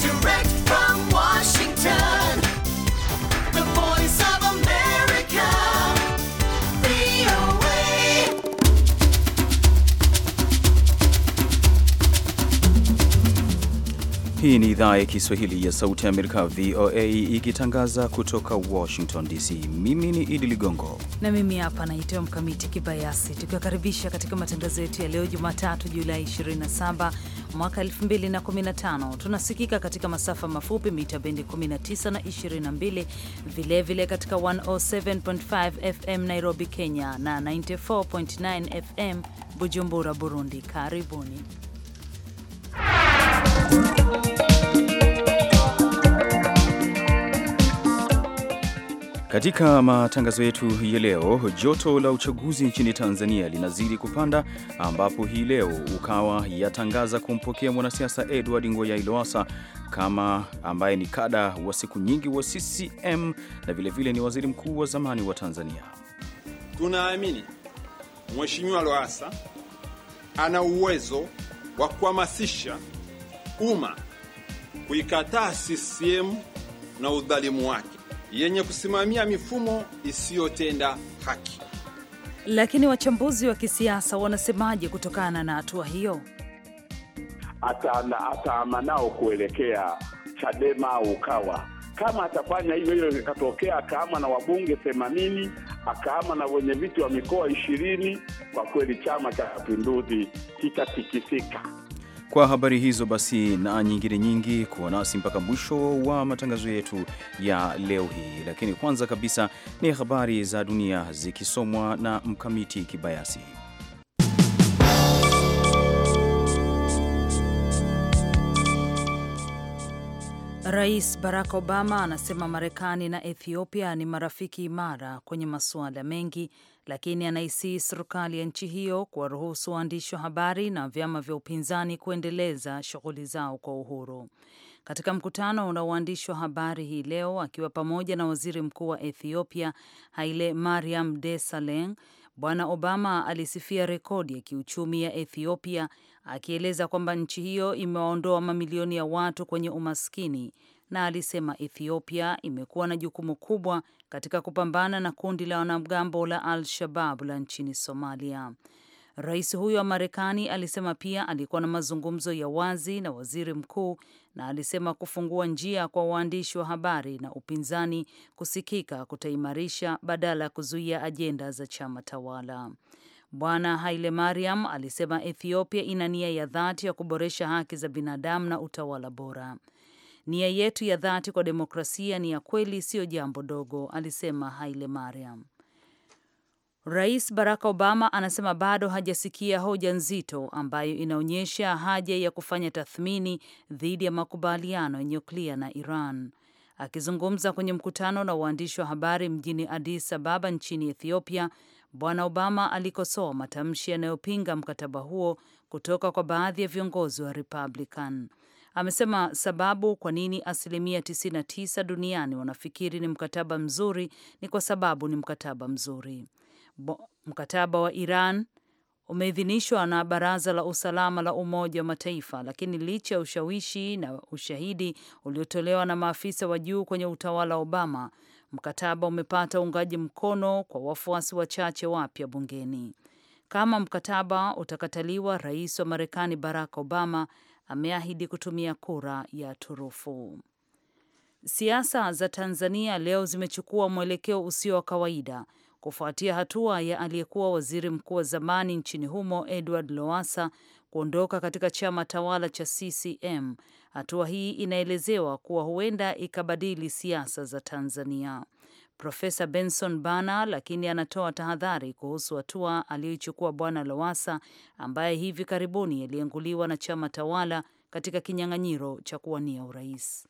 Direct from Washington. Hii ni idhaa ya Kiswahili ya Sauti ya Amerika, VOA, ikitangaza kutoka Washington DC. Mimi ni Idi Ligongo na mimi hapa naitwa Mkamiti Kibayasi, tukiwakaribisha katika matangazo yetu ya leo Jumatatu, Julai 27 mwaka 2015. Tunasikika katika masafa mafupi mita bendi 19 na 22, vilevile vile katika 107.5 FM Nairobi, Kenya na 94.9 FM Bujumbura, Burundi. Karibuni. Katika matangazo yetu ya leo, joto la uchaguzi nchini Tanzania linazidi kupanda, ambapo hii leo Ukawa yatangaza kumpokea mwanasiasa Edward Ngoyai Lowassa kama ambaye ni kada wa siku nyingi wa CCM na vilevile vile ni waziri mkuu wa zamani wa Tanzania. Tunaamini Mheshimiwa Lowassa ana uwezo wa kuhamasisha umma kuikataa CCM na udhalimu wake yenye kusimamia mifumo isiyotenda haki. Lakini wachambuzi wa kisiasa wanasemaje kutokana na hatua hiyo? Ataama nao kuelekea Chadema au Ukawa, kama atafanya hivyo hiyo ikatokea akaama na wabunge themanini akaama na wenye viti wa mikoa ishirini, kwa kweli Chama cha Mapinduzi kitatikisika. Kwa habari hizo basi na nyingine nyingi, kuwa nasi mpaka mwisho wa matangazo yetu ya leo hii, lakini kwanza kabisa ni habari za dunia zikisomwa na Mkamiti Kibayasi. Rais Barack Obama anasema Marekani na Ethiopia ni marafiki imara kwenye masuala mengi lakini anaisihi serikali ya nchi hiyo kuwaruhusu waandishi wa habari na vyama vya upinzani kuendeleza shughuli zao kwa uhuru. Katika mkutano na waandishi wa habari hii leo akiwa pamoja na waziri mkuu wa Ethiopia Haile Mariam Desalegn, Bwana Obama alisifia rekodi ya kiuchumi ya Ethiopia akieleza kwamba nchi hiyo imewaondoa mamilioni ya watu kwenye umaskini na alisema Ethiopia imekuwa na jukumu kubwa katika kupambana na kundi la wanamgambo la Al-Shabab la nchini Somalia. Rais huyo wa Marekani alisema pia alikuwa na mazungumzo ya wazi na waziri mkuu, na alisema kufungua njia kwa waandishi wa habari na upinzani kusikika kutaimarisha badala ya kuzuia ajenda za chama tawala. Bwana Haile Mariam alisema Ethiopia ina nia ya dhati ya kuboresha haki za binadamu na utawala bora. Nia yetu ya dhati kwa demokrasia ni ya kweli, siyo jambo dogo, alisema Haile Mariam. Rais Barack Obama anasema bado hajasikia hoja nzito ambayo inaonyesha haja ya kufanya tathmini dhidi ya makubaliano ya nyuklia na Iran. Akizungumza kwenye mkutano na waandishi wa habari mjini Addis Ababa nchini Ethiopia, Bwana Obama alikosoa matamshi yanayopinga mkataba huo kutoka kwa baadhi ya viongozi wa Republican. Amesema sababu kwa nini asilimia 99 duniani wanafikiri ni mkataba mzuri ni kwa sababu ni mkataba mzuri. Bo, mkataba wa Iran umeidhinishwa na Baraza la Usalama la Umoja wa Mataifa, lakini licha ya ushawishi na ushahidi uliotolewa na maafisa wa juu kwenye utawala wa Obama, mkataba umepata uungaji mkono kwa wafuasi wachache wapya bungeni. Kama mkataba utakataliwa, rais wa Marekani Barack Obama ameahidi kutumia kura ya turufu. Siasa za Tanzania leo zimechukua mwelekeo usio wa kawaida kufuatia hatua ya aliyekuwa waziri mkuu wa zamani nchini humo Edward Lowassa kuondoka katika chama tawala cha CCM. Hatua hii inaelezewa kuwa huenda ikabadili siasa za Tanzania. Profesa Benson Bana, lakini anatoa tahadhari kuhusu hatua aliyoichukua Bwana lowasa ambaye hivi karibuni alienguliwa na chama tawala katika kinyang'anyiro cha kuwania urais.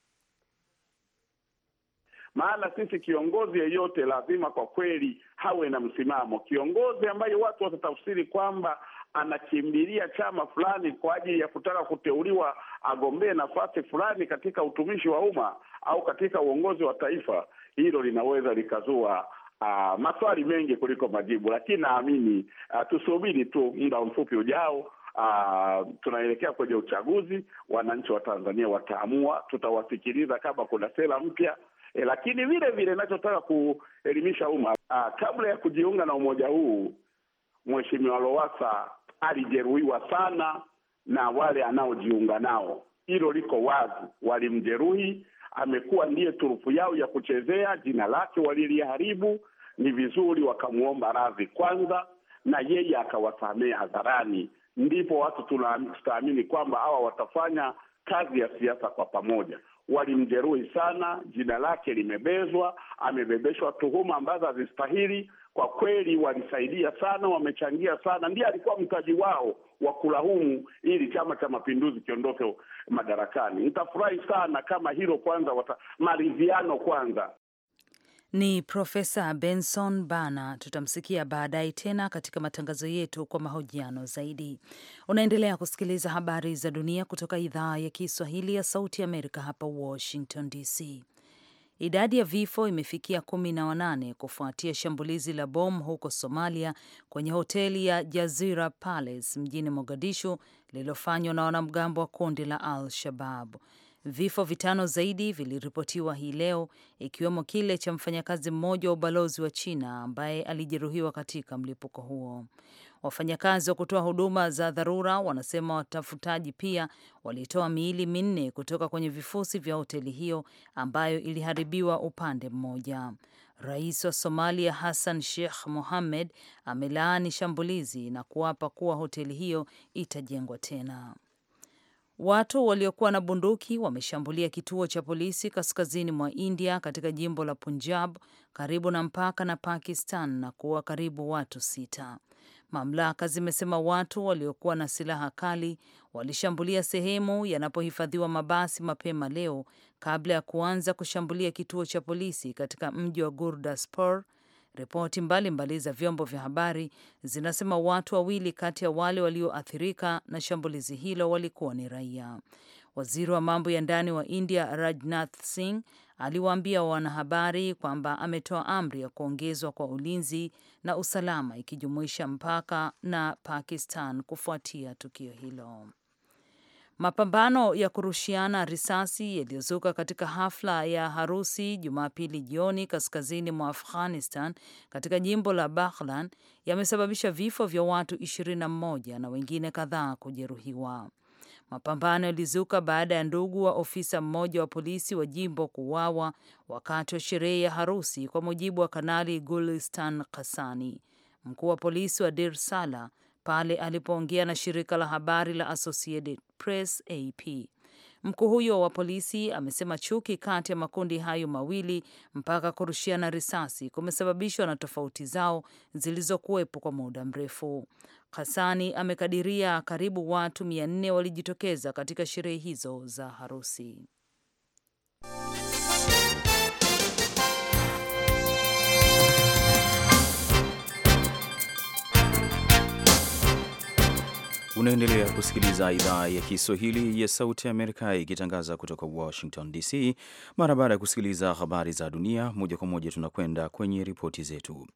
maana sisi kiongozi yeyote lazima kwa kweli hawe na msimamo, kiongozi ambaye watu watatafsiri kwamba anakimbilia chama fulani kwa ajili ya kutaka kuteuliwa agombee nafasi fulani katika utumishi wa umma au katika uongozi wa taifa, hilo linaweza likazua uh, maswali mengi kuliko majibu, lakini naamini uh, tusubiri tu muda mfupi ujao. Uh, tunaelekea kwenye uchaguzi, wananchi wa Tanzania wataamua, tutawasikiliza kama kuna sera mpya e, lakini vile vile nachotaka kuelimisha umma uh, kabla ya kujiunga na umoja huu, Mheshimiwa Lowassa alijeruhiwa sana na wale anaojiunga nao. Hilo liko wazi, walimjeruhi. Amekuwa ndiye turufu yao ya kuchezea, jina lake waliliharibu. Ni vizuri wakamwomba radhi kwanza, na yeye akawasamehe hadharani, ndipo watu tutaamini kwamba hawa watafanya kazi ya siasa kwa pamoja walimjeruhi sana, jina lake limebezwa, amebebeshwa tuhuma ambazo hazistahili. Kwa kweli walisaidia sana, wamechangia sana, ndiye alikuwa mtaji wao wa kulaumu ili Chama cha Mapinduzi kiondoke madarakani. Nitafurahi sana kama hilo kwanza, maridhiano kwanza ni Profesa Benson Bana. Tutamsikia baadaye tena katika matangazo yetu kwa mahojiano zaidi. Unaendelea kusikiliza habari za dunia kutoka idhaa ya Kiswahili ya Sauti ya Amerika, hapa Washington DC. Idadi ya vifo imefikia kumi na wanane kufuatia shambulizi la bomu huko Somalia kwenye hoteli ya Jazira Palace mjini Mogadishu lililofanywa na wanamgambo wa kundi la Al shababu Vifo vitano zaidi viliripotiwa hii leo, ikiwemo kile cha mfanyakazi mmoja wa ubalozi wa China ambaye alijeruhiwa katika mlipuko huo. Wafanyakazi wa kutoa huduma za dharura wanasema watafutaji pia walitoa miili minne kutoka kwenye vifusi vya hoteli hiyo ambayo iliharibiwa upande mmoja. Rais wa Somalia Hassan Sheikh Mohamed amelaani shambulizi na kuapa kuwa hoteli hiyo itajengwa tena. Watu waliokuwa na bunduki wameshambulia kituo cha polisi kaskazini mwa India katika jimbo la Punjab karibu na mpaka na Pakistan na kuua karibu watu sita. Mamlaka zimesema watu waliokuwa na silaha kali walishambulia sehemu yanapohifadhiwa mabasi mapema leo kabla ya kuanza kushambulia kituo cha polisi katika mji wa Gurdaspur Ripoti mbalimbali za vyombo vya habari zinasema watu wawili kati ya wale walioathirika na shambulizi hilo walikuwa ni raia. Waziri wa mambo ya ndani wa India Rajnath Singh aliwaambia wanahabari kwamba ametoa amri ya kuongezwa kwa ulinzi na usalama ikijumuisha mpaka na Pakistan kufuatia tukio hilo. Mapambano ya kurushiana risasi yaliyozuka katika hafla ya harusi Jumapili jioni kaskazini mwa Afghanistan katika jimbo la Baghlan yamesababisha vifo vya watu 21 na wengine kadhaa kujeruhiwa. Mapambano yalizuka baada ya ndugu wa ofisa mmoja wa polisi wa jimbo kuuawa wakati wa sherehe ya harusi, kwa mujibu wa Kanali Gulistan Kasani, mkuu wa polisi wa Dir Sala pale alipoongea na shirika la habari la Associated Press AP. Mkuu huyo wa polisi amesema chuki kati ya makundi hayo mawili mpaka kurushiana risasi kumesababishwa na tofauti zao zilizokuwepo kwa muda mrefu. Hasani amekadiria karibu watu mia nne walijitokeza katika sherehe hizo za harusi. Unaendelea kusikiliza idhaa ya Kiswahili ya Sauti Amerika ikitangaza kutoka Washington DC. Mara baada ya kusikiliza habari za dunia moja kwa moja, tunakwenda kwenye ripoti zetu.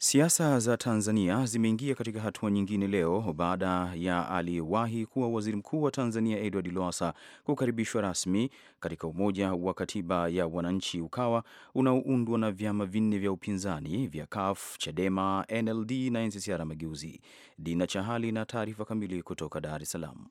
Siasa za Tanzania zimeingia katika hatua nyingine leo baada ya aliyewahi kuwa waziri mkuu wa Tanzania Edward Lowassa kukaribishwa rasmi katika Umoja wa Katiba ya Wananchi Ukawa unaoundwa na vyama vinne vya upinzani vya CUF, Chadema, NLD na NCCR Mageuzi. Dina Chahali na taarifa kamili kutoka Dar es Salaam.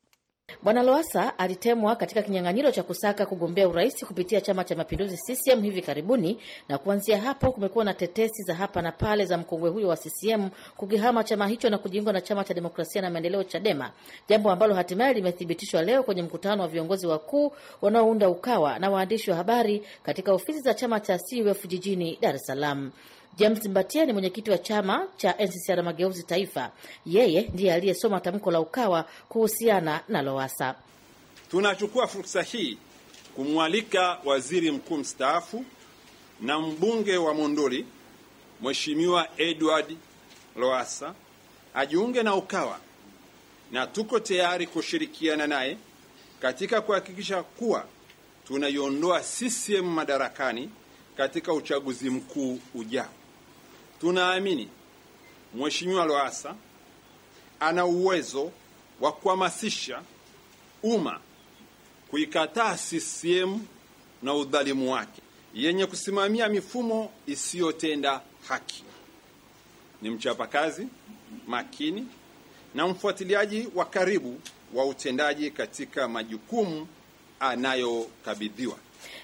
Bwana loasa alitemwa katika kinyang'anyiro cha kusaka kugombea urais kupitia Chama cha Mapinduzi CCM hivi karibuni, na kuanzia hapo kumekuwa na tetesi za hapa na pale za mkongwe huyo wa CCM kukihama chama hicho na kujiunga na Chama cha Demokrasia na Maendeleo, CHADEMA, jambo ambalo hatimaye limethibitishwa leo kwenye mkutano wa viongozi wakuu wanaounda UKAWA na waandishi wa habari katika ofisi za chama cha CUF jijini Dar es Salaam. James Mbatia ni mwenyekiti wa chama cha NCCR Mageuzi Taifa. Yeye ndiye aliyesoma tamko la Ukawa kuhusiana na Lowasa. Tunachukua fursa hii kumwalika waziri mkuu mstaafu na mbunge wa Monduli Mheshimiwa Edward Lowasa ajiunge na Ukawa na tuko tayari kushirikiana naye katika kuhakikisha kuwa tunaiondoa CCM madarakani katika uchaguzi mkuu ujao. Tunaamini Mheshimiwa Lowassa ana uwezo wa kuhamasisha umma kuikataa CCM na udhalimu wake yenye kusimamia mifumo isiyotenda haki. Ni mchapakazi makini na mfuatiliaji wa karibu wa utendaji katika majukumu anayokabidhiwa.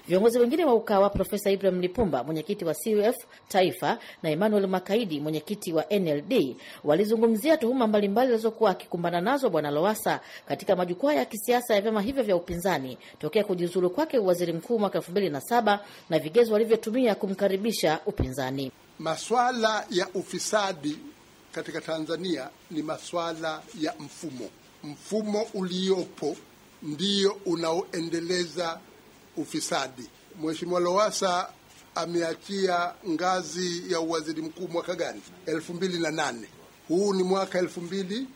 Viongozi wengine wa UKAWA, Profesa Ibrahim Lipumba, mwenyekiti wa CUF Taifa, na Emmanuel Makaidi, mwenyekiti wa NLD, walizungumzia tuhuma mbalimbali alizokuwa akikumbana nazo Bwana lowasa katika majukwaa ya kisiasa ya vyama hivyo vya upinzani tokea kujiuzulu kwake uwaziri mkuu mwaka saba na vigezo walivyotumia kumkaribisha upinzani. Maswala ya ufisadi katika Tanzania ni maswala ya mfumo. Mfumo uliopo ndio unaoendeleza ufisadi. Mheshimiwa lowasa ameachia ngazi ya uwaziri mkuu mwaka gani? elfu mbili na nane. Huu ni mwaka elfu mbili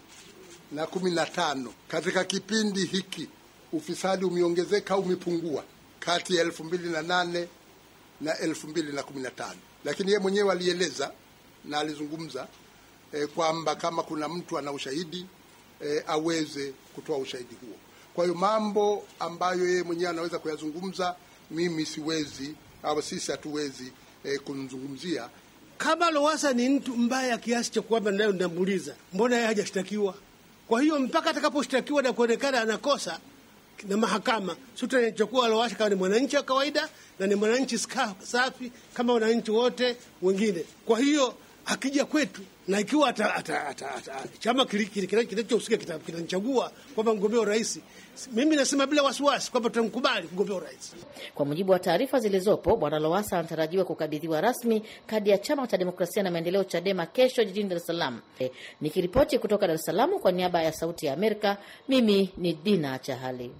na kumi na tano. Katika kipindi hiki ufisadi umeongezeka, umepungua kati ya elfu mbili na nane na elfu mbili na kumi na tano, lakini yeye mwenyewe alieleza na alizungumza eh, kwamba kama kuna mtu ana ushahidi eh, aweze kutoa ushahidi huo. Kwa hiyo mambo ambayo yeye mwenyewe anaweza kuyazungumza, mimi siwezi au sisi hatuwezi eh, kumzungumzia. Kama Lowasa ni mtu mbaya kiasi cha kwamba nayo ndambuliza, mbona yeye hajashtakiwa? Kwa hiyo mpaka atakaposhtakiwa na kuonekana anakosa na mahakama sutachukua Lowasa kama ni mwananchi wa kawaida na ni mwananchi safi kama wananchi wote wengine. Kwa hiyo akija kwetu na ikiwa ata, ata, ata, ata, chama kinachohusika kinachagua kwamba mgombea urais, mimi nasema bila wasiwasi kwamba tutamkubali kugombea urais. Kwa mujibu wa taarifa zilizopo, Bwana Lowasa anatarajiwa kukabidhiwa rasmi kadi ya chama cha demokrasia na maendeleo CHADEMA kesho jijini Dar es Salaam. E, nikiripoti kutoka Dar es Salaam kwa niaba ya Sauti ya Amerika, mimi ni Dina Chahali.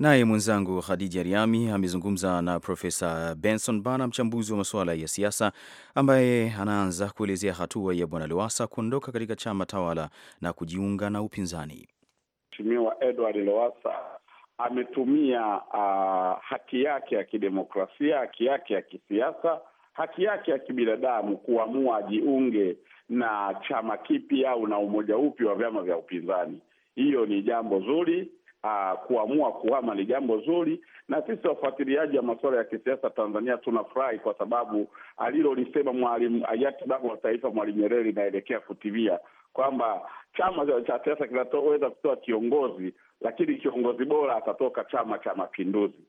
Naye mwenzangu Khadija Riami amezungumza na Profesa Benson Bana, mchambuzi wa masuala ya siasa, ambaye anaanza kuelezea hatua ya Bwana lowasa kuondoka katika chama tawala na kujiunga na upinzani. Mheshimiwa Edward lowasa ametumia uh, haki yake ya kidemokrasia, haki yake ya kisiasa, haki yake ya kibinadamu kuamua ajiunge na chama kipi au na umoja upi wa vyama vya upinzani. Hiyo ni jambo zuri uh, kuamua kuhama ni jambo zuri, na sisi wafuatiliaji wa masuala ya kisiasa Tanzania tunafurahi kwa sababu alilolisema mwalimu hayati baba wa taifa Mwalimu Nyerere linaelekea kutimia kwamba chama cha siasa kinaweza kutoa kiongozi, lakini kiongozi bora atatoka Chama cha Mapinduzi.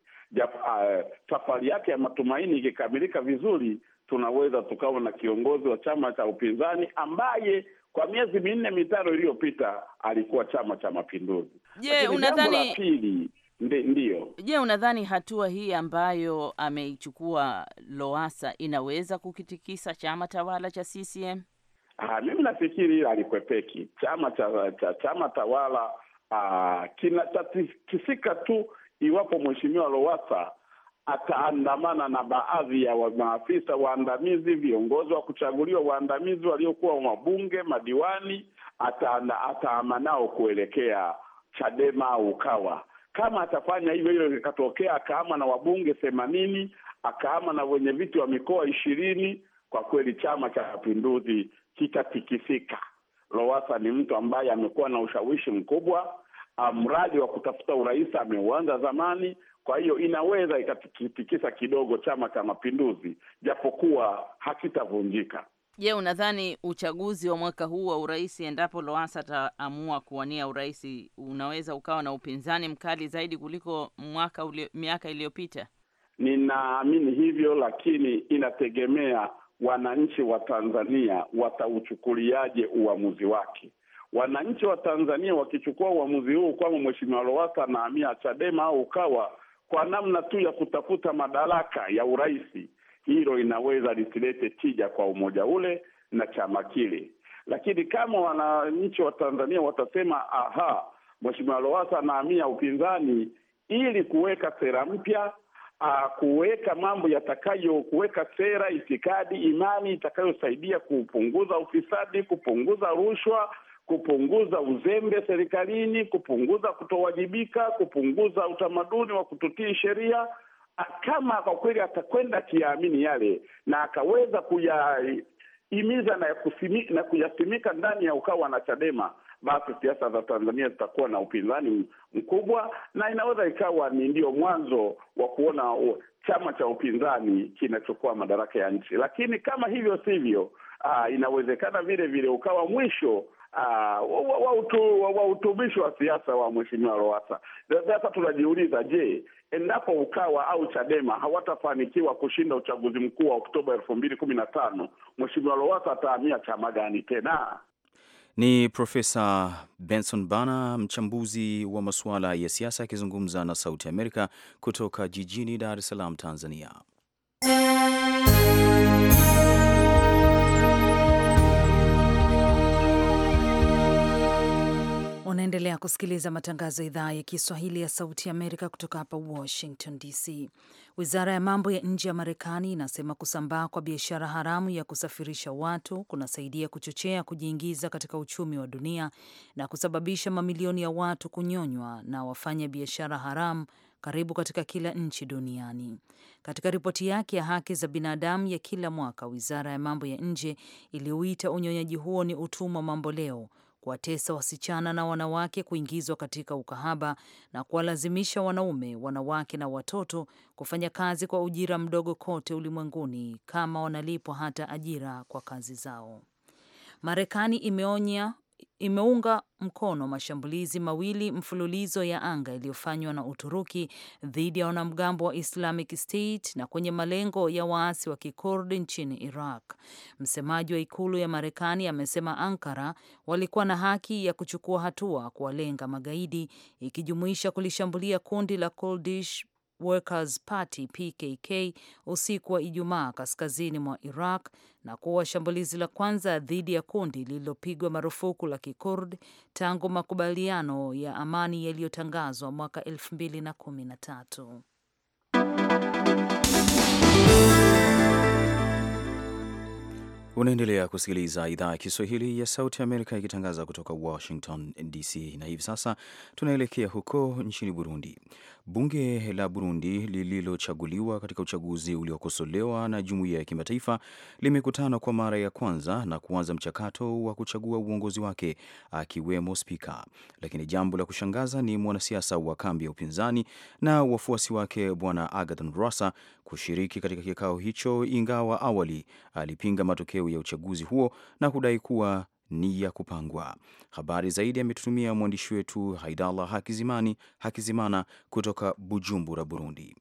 Ah, safari uh, yake ya matumaini ikikamilika vizuri, tunaweza tukawa na kiongozi wa chama cha upinzani ambaye kwa miezi minne mitano iliyopita alikuwa Chama cha Mapinduzi. Je, unadhani ndio? Je, unadhani hatua hii ambayo ameichukua Lowassa inaweza kukitikisa chama tawala cha CCM? Ah, mimi nafikiri alikwepeki chama cha, cha chama tawala ah, kinatatisika tu iwapo mheshimiwa Lowassa ataandamana na baadhi ya maafisa waandamizi, viongozi wa kuchaguliwa waandamizi waliokuwa wabunge, madiwani, ataamana nao kuelekea Chadema au Ukawa. Kama atafanya hivyo, hiyo ikatokea akaama na wabunge themanini akaama na wenye viti wa mikoa ishirini, kwa kweli Chama cha Mapinduzi kitatikisika. lowasa ni mtu ambaye amekuwa na ushawishi mkubwa, ah, mradi wa kutafuta urais ameuanza zamani. Kwa hiyo inaweza ikatikisa kidogo Chama cha Mapinduzi, japokuwa hakitavunjika. Je, unadhani uchaguzi wa mwaka huu wa urais, endapo loasa ataamua kuwania urais, unaweza ukawa na upinzani mkali zaidi kuliko mwaka ulio, miaka iliyopita? Ninaamini hivyo, lakini inategemea wananchi wa Tanzania watauchukuliaje uamuzi wake. Wananchi wa Tanzania wakichukua uamuzi huu kwamba Mheshimiwa loasa anahamia Chadema au Ukawa kwa namna tu ya kutafuta madaraka ya urais hilo inaweza lisilete tija kwa umoja ule na chama kile. Lakini kama wananchi wa Tanzania watasema aha, Mheshimiwa Lowassa anahamia upinzani ili kuweka sera mpya kuweka mambo yatakayo kuweka sera, itikadi, imani itakayosaidia kupunguza ufisadi, kupunguza rushwa, kupunguza uzembe serikalini, kupunguza kutowajibika, kupunguza utamaduni wa kututii sheria kama kwa kweli atakwenda kiyaamini yale na akaweza kuyaimiza na, na kuyasimika ndani ya ukawa na Chadema, basi siasa za Tanzania zitakuwa na upinzani mkubwa, na inaweza ikawa ni ndio mwanzo wa kuona chama cha upinzani kinachokuwa madaraka ya nchi. Lakini kama hivyo sivyo, uh, inawezekana vile vile ukawa mwisho uh, wa utumishi wa siasa wa mheshimiwa Lowassa. Sasa tunajiuliza, je, endapo Ukawa au Chadema hawatafanikiwa kushinda uchaguzi mkuu wa Oktoba elfu mbili kumi na tano, Mheshimiwa Lowasa atahamia chama gani tena? Ni Profesa Benson Bana, mchambuzi wa masuala ya siasa, akizungumza na Sauti Amerika kutoka jijini Dar es Salaam, Tanzania. Unaendelea kusikiliza matangazo ya idhaa ya Kiswahili ya Sauti ya Amerika kutoka hapa Washington DC. Wizara ya mambo ya nje ya Marekani inasema kusambaa kwa biashara haramu ya kusafirisha watu kunasaidia kuchochea kujiingiza katika uchumi wa dunia na kusababisha mamilioni ya watu kunyonywa na wafanya biashara haramu karibu katika kila nchi duniani. Katika ripoti yake ya haki za binadamu ya kila mwaka, wizara ya mambo ya nje iliuita unyonyaji huo ni utumwa mamboleo kuwatesa wasichana na wanawake kuingizwa katika ukahaba na kuwalazimisha wanaume, wanawake na watoto kufanya kazi kwa ujira mdogo kote ulimwenguni kama wanalipwa hata ajira kwa kazi zao. Marekani imeonya imeunga mkono mashambulizi mawili mfululizo ya anga yaliyofanywa na Uturuki dhidi ya wanamgambo wa Islamic State na kwenye malengo ya waasi wa Kikurdi nchini Iraq. Msemaji wa ikulu ya Marekani amesema Ankara walikuwa na haki ya kuchukua hatua kuwalenga magaidi, ikijumuisha kulishambulia kundi la Kurdish Workers Party PKK usiku wa Ijumaa kaskazini mwa Iraq na kuwa shambulizi la kwanza dhidi ya kundi lililopigwa marufuku la Kikurd tangu makubaliano ya amani yaliyotangazwa mwaka 2013. Unaendelea kusikiliza idhaa ya Kiswahili ya Sauti ya Amerika ikitangaza kutoka Washington DC, na hivi sasa tunaelekea huko nchini Burundi Bunge la Burundi lililochaguliwa katika uchaguzi uliokosolewa na jumuiya ya kimataifa limekutana kwa mara ya kwanza na kuanza mchakato wa kuchagua uongozi wake akiwemo spika. Lakini jambo la kushangaza ni mwanasiasa wa kambi ya upinzani na wafuasi wake Bwana Agathon Rwasa kushiriki katika kikao hicho, ingawa awali alipinga matokeo ya uchaguzi huo na kudai kuwa ni ya kupangwa. Habari zaidi ametutumia mwandishi wetu Haidallah Hakizimani Hakizimana kutoka Bujumbura, Burundi.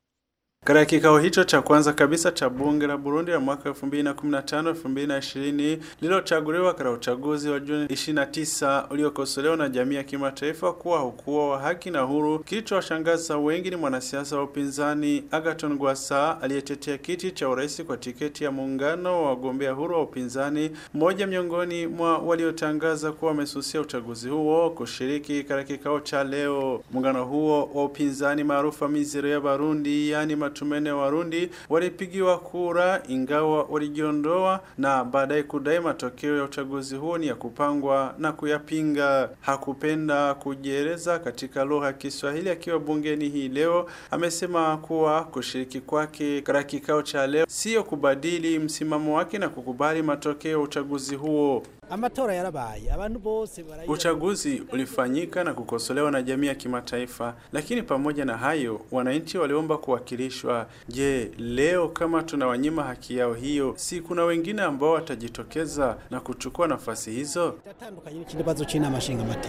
Katika kikao hicho cha kwanza kabisa cha bunge la Burundi la mwaka 2015 2020 lililochaguliwa katika uchaguzi wa Juni 29 uliokosolewa na jamii ya kimataifa kuwa hukuwa wa haki na huru, kilichowashangaza wengi ni mwanasiasa wa upinzani Agaton gwasa aliyetetea kiti cha urais kwa tiketi ya muungano wa wagombea huru wa upinzani, mmoja miongoni mwa waliotangaza kuwa wamesusia uchaguzi huo kushiriki katika kikao cha leo. Muungano huo wa upinzani maarufu Amizero ya Barundi yani Tumene Warundi walipigiwa kura ingawa walijiondoa na baadaye kudai matokeo ya uchaguzi huo ni ya kupangwa na kuyapinga. Hakupenda kujieleza katika lugha ya Kiswahili akiwa bungeni hii leo. Amesema kuwa kushiriki kwake katika kikao cha leo sio kubadili msimamo wake na kukubali matokeo ya uchaguzi huo. Amatora yarabaye abantu bose barayira. Uchaguzi ulifanyika na kukosolewa na jamii ya kimataifa, lakini pamoja na hayo wananchi waliomba kuwakilishwa. Je, leo kama tunawanyima haki yao hiyo, si kuna wengine ambao watajitokeza na kuchukua nafasi hizo?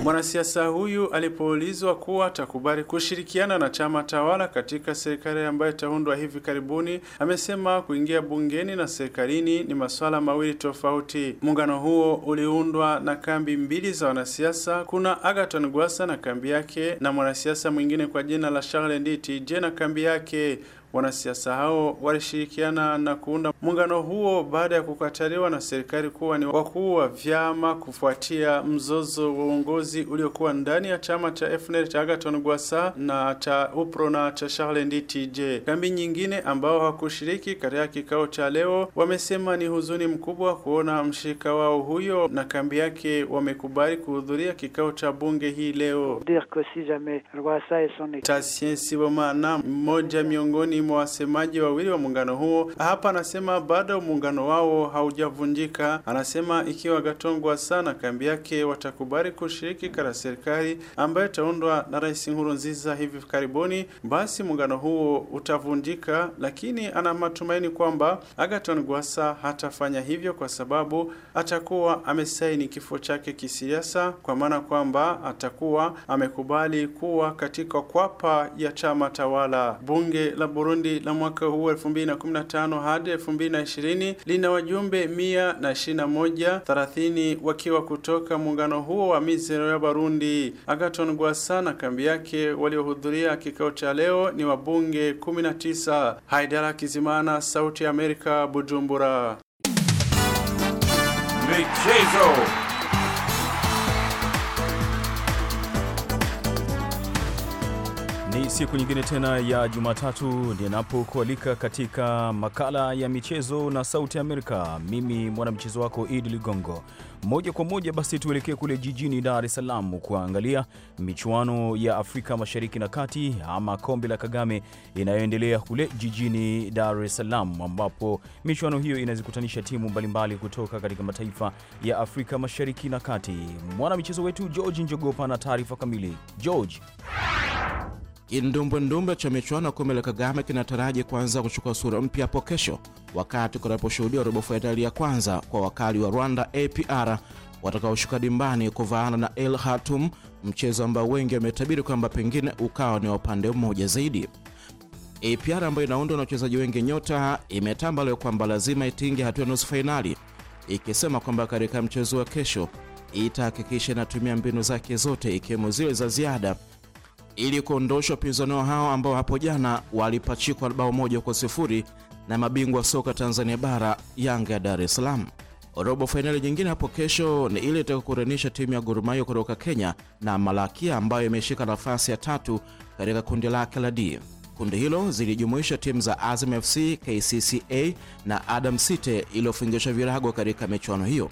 Mwanasiasa huyu alipoulizwa kuwa atakubali kushirikiana na chama tawala katika serikali ambayo itaundwa hivi karibuni, amesema kuingia bungeni na serikalini ni masuala mawili tofauti. Muungano huo uliundwa na kambi mbili za wanasiasa. Kuna Agaton Gwasa na kambi yake na mwanasiasa mwingine kwa jina la Charles Nditi je na kambi yake. Wanasiasa hao walishirikiana na kuunda muungano huo baada ya kukataliwa na serikali kuwa ni wakuu wa vyama kufuatia mzozo wa uongozi uliokuwa ndani ya chama cha FNL cha Agaton gwasa na cha UPRO na cha Charles Nditije. Kambi nyingine ambao hakushiriki katika kikao cha leo wamesema ni huzuni mkubwa kuona mshirika wao huyo na kambi yake wamekubali kuhudhuria kikao cha bunge hii leo. Tasien Sibomana mmoja miongoni mwa wasemaji wawili wa muungano huo. Hapa anasema bado muungano wao haujavunjika. Anasema ikiwa Gatongwa sana kambi yake watakubali kushiriki katika serikali ambayo itaundwa na Rais Nkurunziza hivi karibuni, basi muungano huo utavunjika, lakini ana matumaini kwamba Agaton gwasa hatafanya hivyo kwa sababu atakuwa amesaini kifo chake kisiasa, kwa maana kwamba atakuwa amekubali kuwa katika kwapa ya chama tawala bunge la Burundi. Burundi la mwaka huu 2015 hadi 2020 lina wajumbe 121 30 wakiwa kutoka muungano huo wa Mizero ya Barundi. Agaton Gwasa na kambi yake waliohudhuria kikao cha leo ni wabunge 19. Haidara Kizimana, Sauti ya Amerika, Bujumbura. Michezo. Ni siku nyingine tena ya Jumatatu ninapokualika katika makala ya michezo na Sauti Amerika. Mimi mwanamchezo wako Idi Ligongo. Moja kwa moja basi tuelekee kule jijini Dar es Salaam kuangalia michuano ya Afrika Mashariki na Kati ama kombe la Kagame inayoendelea kule jijini Dar es Salaam, ambapo michuano hiyo inazikutanisha timu mbalimbali kutoka katika mataifa ya Afrika Mashariki na Kati. mwanamchezo wetu George Njogopa na taarifa kamili. George. Kindumbwendumbe cha michuano ya kombe la Kagame kinataraji kuanza kuchukua sura mpya hapo kesho, wakati kunaposhuhudia robo fainali ya kwanza kwa wakali wa Rwanda APR watakaoshuka dimbani kuvaana na El Hatum, mchezo ambao wengi wametabiri kwamba pengine ukawa ni wa upande mmoja zaidi. APR ambayo inaundwa na wachezaji wengi nyota, imetamba leo kwamba lazima itinge hatua ya nusu fainali, ikisema kwamba katika mchezo wa kesho itahakikisha inatumia mbinu zake zote ikiwemo zile za ziada ili kuondosha wapinzani hao ambao hapo jana walipachikwa bao moja kwa sifuri na mabingwa soka Tanzania bara Yanga ya Dar es Salaam. Robo fainali nyingine hapo kesho ni ile itakokurenisha timu ya gurumayo kutoka Kenya na Malakia ambayo imeshika nafasi ya tatu katika kundi lake la D. Kundi hilo zilijumuisha timu za Azam FC, KCCA na Adam City iliyofungisha virago katika michuano hiyo.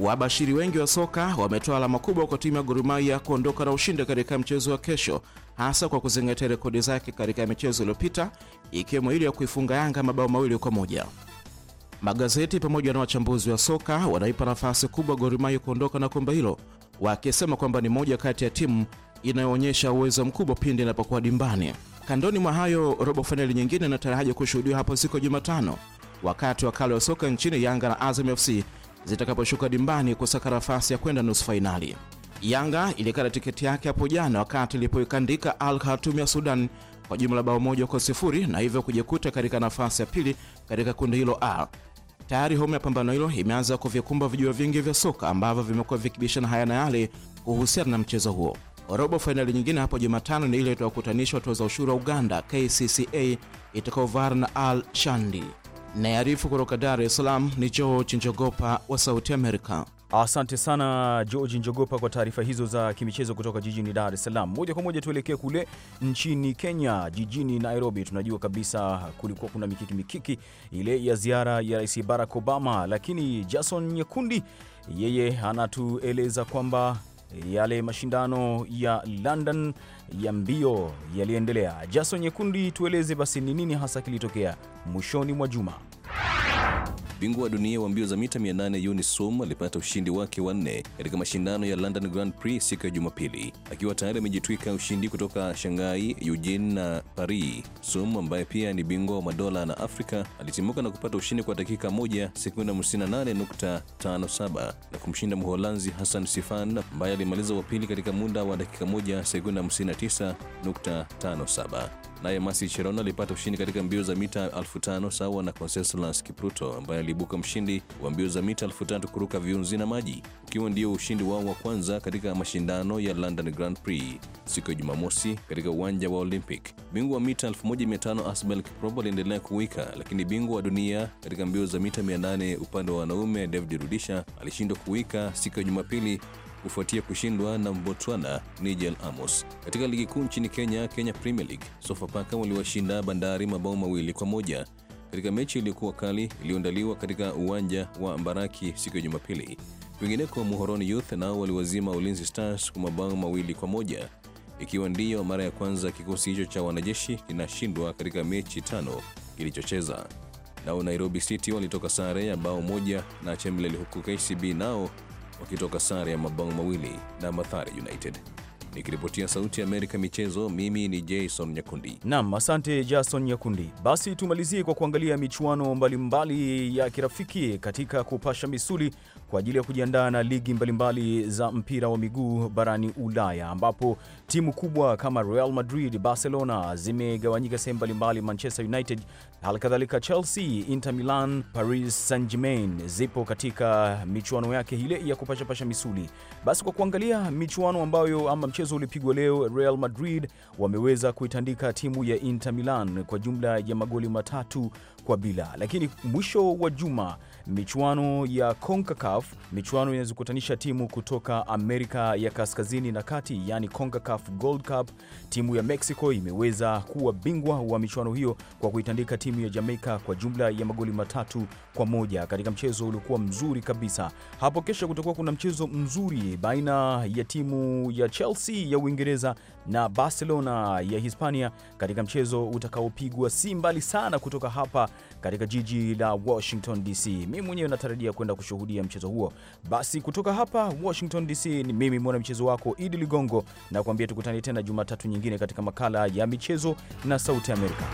Wabashiri wengi wa soka wametoa alama kubwa kwa timu ya Gor Mahia kuondoka na ushindi katika mchezo wa kesho, hasa kwa kuzingatia rekodi zake katika michezo iliyopita ikiwemo ile ya kuifunga Yanga mabao mawili kwa moja. Magazeti pamoja na wachambuzi wa soka wanaipa nafasi kubwa Gor Mahia kuondoka na kombe hilo, wakisema kwamba ni moja kati ya timu inayoonyesha uwezo mkubwa pindi inapokuwa dimbani. Kandoni mwa hayo, robo fainali nyingine inatarajiwa kushuhudiwa hapo siku ya Jumatano, wakati kale wa soka nchini Yanga na Azam FC zitakaposhuka dimbani kusaka nafasi ya kwenda nusu fainali. Yanga ilikata tiketi yake hapo jana wakati ilipoikandika Al Khartoum ya Sudan kwa jumla bao moja kwa sifuri na hivyo kujikuta katika nafasi ya pili katika kundi hilo A. Tayari homu ya pambano hilo imeanza kuvikumba vijua vingi vya soka ambavyo vimekuwa vikibishana haya na yale kuhusiana na mchezo huo. Robo fainali nyingine hapo Jumatano ni ile itawakutanisha watoza ushuru wa Uganda KCCA itakaovara na Al Shandi. Nayarifu kutoka Dar es Salaam ni George Njogopa wa Sauti Amerika. Asante sana George Njogopa kwa taarifa hizo za kimichezo kutoka jijini Dar es Salaam. Moja kwa moja tuelekee kule nchini Kenya, jijini Nairobi. Tunajua kabisa kulikuwa kuna mikiki mikiki ile ya ziara ya Rais Barack Obama, lakini Jason Nyekundi yeye anatueleza kwamba yale mashindano ya London ya mbio yaliendelea. Jason Nyekundi, tueleze basi ni nini hasa kilitokea mwishoni mwa juma? Bingwa wa dunia wa mbio za mita 800 yuni sum alipata ushindi wake wa nne katika mashindano ya London Grand Prix siku ya Jumapili, akiwa tayari amejitwika ushindi kutoka Shanghai, Eugene na Paris. sum ambaye pia ni bingwa wa madola na Afrika alitimuka na kupata ushindi kwa dakika 1 sekunde 58.57 na kumshinda Mholanzi Hassan Sifan ambaye alimaliza wa pili katika muda wa dakika 1 sekunde 59.57. Naye Masi Cherono alipata ushindi katika mbio za mita 5000 sawa na Conseslus Kipruto ambaye aliibuka mshindi wa mbio za mita 3000 kuruka viunzi na maji, ukiwa ndio ushindi wao wa kwanza katika mashindano ya London Grand Prix siku ya Jumamosi katika uwanja wa Olympic. Bingwa wa mita 1500 Asbel Kiprobo aliendelea kuwika, lakini bingwa wa dunia katika mbio za mita 800 upande wa wanaume David Rudisha alishindwa kuwika siku ya Jumapili kufuatia kushindwa na Botswana Nigel Amos. Katika ligi kuu nchini Kenya, Kenya Premier League, Sofapaka waliwashinda Bandari mabao mawili kwa moja katika mechi iliyokuwa kali iliyoandaliwa katika uwanja wa Mbaraki siku ya Jumapili. Kwingineko, Muhoroni Youth nao waliwazima Ulinzi Stars kwa mabao mawili kwa moja ikiwa ndiyo mara ya kwanza kikosi hicho cha wanajeshi kinashindwa katika mechi tano kilichocheza. Nao Nairobi City walitoka sare ya bao moja na Chemelil, huku KCB nao wakitoka sare ya mabao mawili na Mathare United. Nikiripotia Sauti ya Amerika michezo, mimi ni Jason Nyakundi. Naam, asante Jason Nyakundi. Basi tumalizie kwa kuangalia michuano mbalimbali mbali ya kirafiki katika kupasha misuli kwa ajili ya kujiandaa na ligi mbalimbali za mpira wa miguu barani Ulaya, ambapo timu kubwa kama Real Madrid, Barcelona zimegawanyika sehemu mbalimbali. Manchester United, halikadhalika Chelsea, Inter Milan, Paris Saint-Germain zipo katika michuano yake ile ya kupashapasha misuli. Basi kwa kuangalia michuano ambayo ama mchezo uliopigwa leo, Real Madrid wameweza kuitandika timu ya Inter Milan kwa jumla ya magoli matatu kwa bila. Lakini mwisho wa juma michuano ya CONCACAF, michuano inazokutanisha timu kutoka Amerika ya kaskazini na kati, yani CONCACAF Gold Cup, timu ya Mexico imeweza kuwa bingwa wa michuano hiyo kwa kuitandika timu ya Jamaica kwa jumla ya magoli matatu kwa moja katika mchezo uliokuwa mzuri kabisa. Hapo kesho kutakuwa kuna mchezo mzuri baina ya timu ya Chelsea ya Uingereza na Barcelona ya Hispania katika mchezo utakaopigwa si mbali sana kutoka hapa katika jiji la Washington DC. Mimi mwenyewe natarajia kwenda kushuhudia mchezo huo. Basi kutoka hapa Washington DC, ni mimi mwana mchezo wako Idi Ligongo na kuambia tukutane tena Jumatatu nyingine katika makala ya michezo na Sauti Amerika.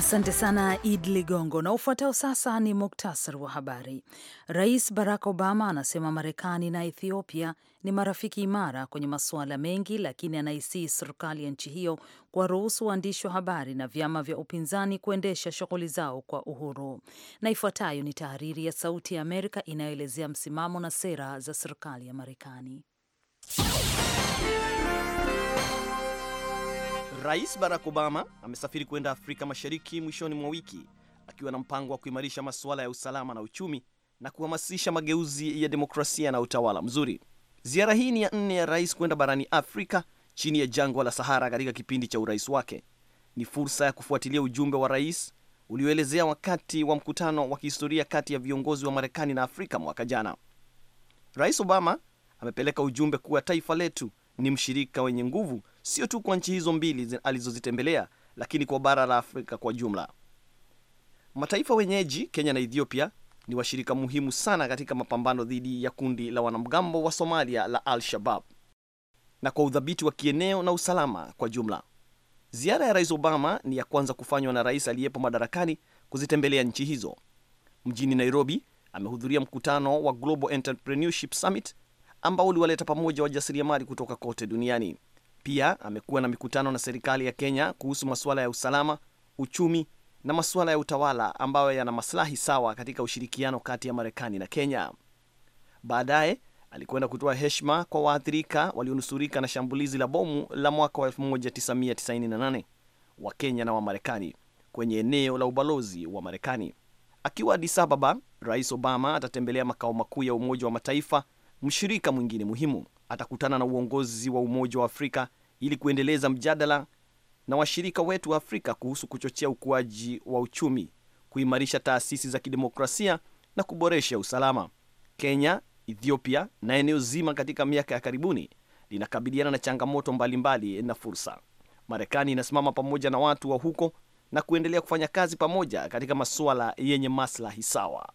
Asante sana Id Ligongo. Na ufuatao sasa ni muktasari wa habari. Rais Barack Obama anasema Marekani na Ethiopia ni marafiki imara kwenye masuala mengi, lakini anaisii serikali ya nchi hiyo kuwaruhusu waandishi wa habari na vyama vya upinzani kuendesha shughuli zao kwa uhuru. Na ifuatayo ni tahariri ya Sauti ya Amerika inayoelezea msimamo na sera za serikali ya Marekani. Rais Barack Obama amesafiri kwenda Afrika Mashariki mwishoni mwa wiki akiwa na mpango wa kuimarisha masuala ya usalama na uchumi na kuhamasisha mageuzi ya demokrasia na utawala mzuri. Ziara hii ni ya nne ya rais kwenda barani Afrika chini ya jangwa la Sahara katika kipindi cha urais wake. Ni fursa ya kufuatilia ujumbe wa rais ulioelezea wakati wa mkutano wa kihistoria kati ya viongozi wa Marekani na Afrika mwaka jana. Rais Obama amepeleka ujumbe kuwa taifa letu ni mshirika wenye nguvu sio tu kwa nchi hizo mbili alizozitembelea, lakini kwa bara la Afrika kwa jumla. Mataifa wenyeji Kenya na Ethiopia ni washirika muhimu sana katika mapambano dhidi ya kundi la wanamgambo wa Somalia la Al-Shabab na kwa udhabiti wa kieneo na usalama kwa jumla. Ziara ya Rais Obama ni ya kwanza kufanywa na rais aliyepo madarakani kuzitembelea nchi hizo. Mjini Nairobi amehudhuria mkutano wa Global Entrepreneurship Summit ambao uliwaleta pamoja wajasiriamali kutoka kote duniani. Pia amekuwa na mikutano na serikali ya Kenya kuhusu masuala ya usalama, uchumi na masuala ya utawala ambayo yana maslahi sawa katika ushirikiano kati ya Marekani na Kenya. Baadaye alikwenda kutoa heshima kwa waathirika walionusurika na shambulizi la bomu la mwaka wa 1998 wa Kenya na Wamarekani kwenye eneo la ubalozi wa Marekani. Akiwa Addis Ababa, Rais Obama atatembelea makao makuu ya Umoja wa Mataifa mshirika mwingine muhimu atakutana na uongozi wa Umoja wa Afrika ili kuendeleza mjadala na washirika wetu wa Afrika kuhusu kuchochea ukuaji wa uchumi, kuimarisha taasisi za kidemokrasia na kuboresha usalama. Kenya, Ethiopia na eneo zima katika miaka ya karibuni linakabiliana na changamoto mbalimbali mbali na fursa. Marekani inasimama pamoja na watu wa huko na kuendelea kufanya kazi pamoja katika masuala yenye maslahi sawa.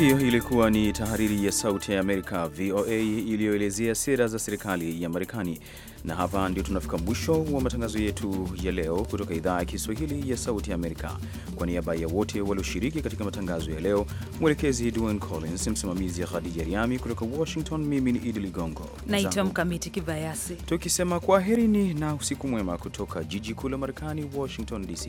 Hiyo ilikuwa ni tahariri ya Sauti ya Amerika, VOA, iliyoelezea sera za serikali ya Marekani. Na hapa ndio tunafika mwisho wa matangazo yetu ya leo kutoka idhaa ya Kiswahili ya Sauti ya Amerika. Kwa niaba ya wote walioshiriki katika matangazo ya leo, mwelekezi Duan Collins, msimamizi Khadija Riami kutoka Washington, mimi ni Idi Ligongo naitwa Mkamiti Kibayasi, tukisema kwaherini na usiku mwema kutoka jiji kuu la Marekani, Washington DC.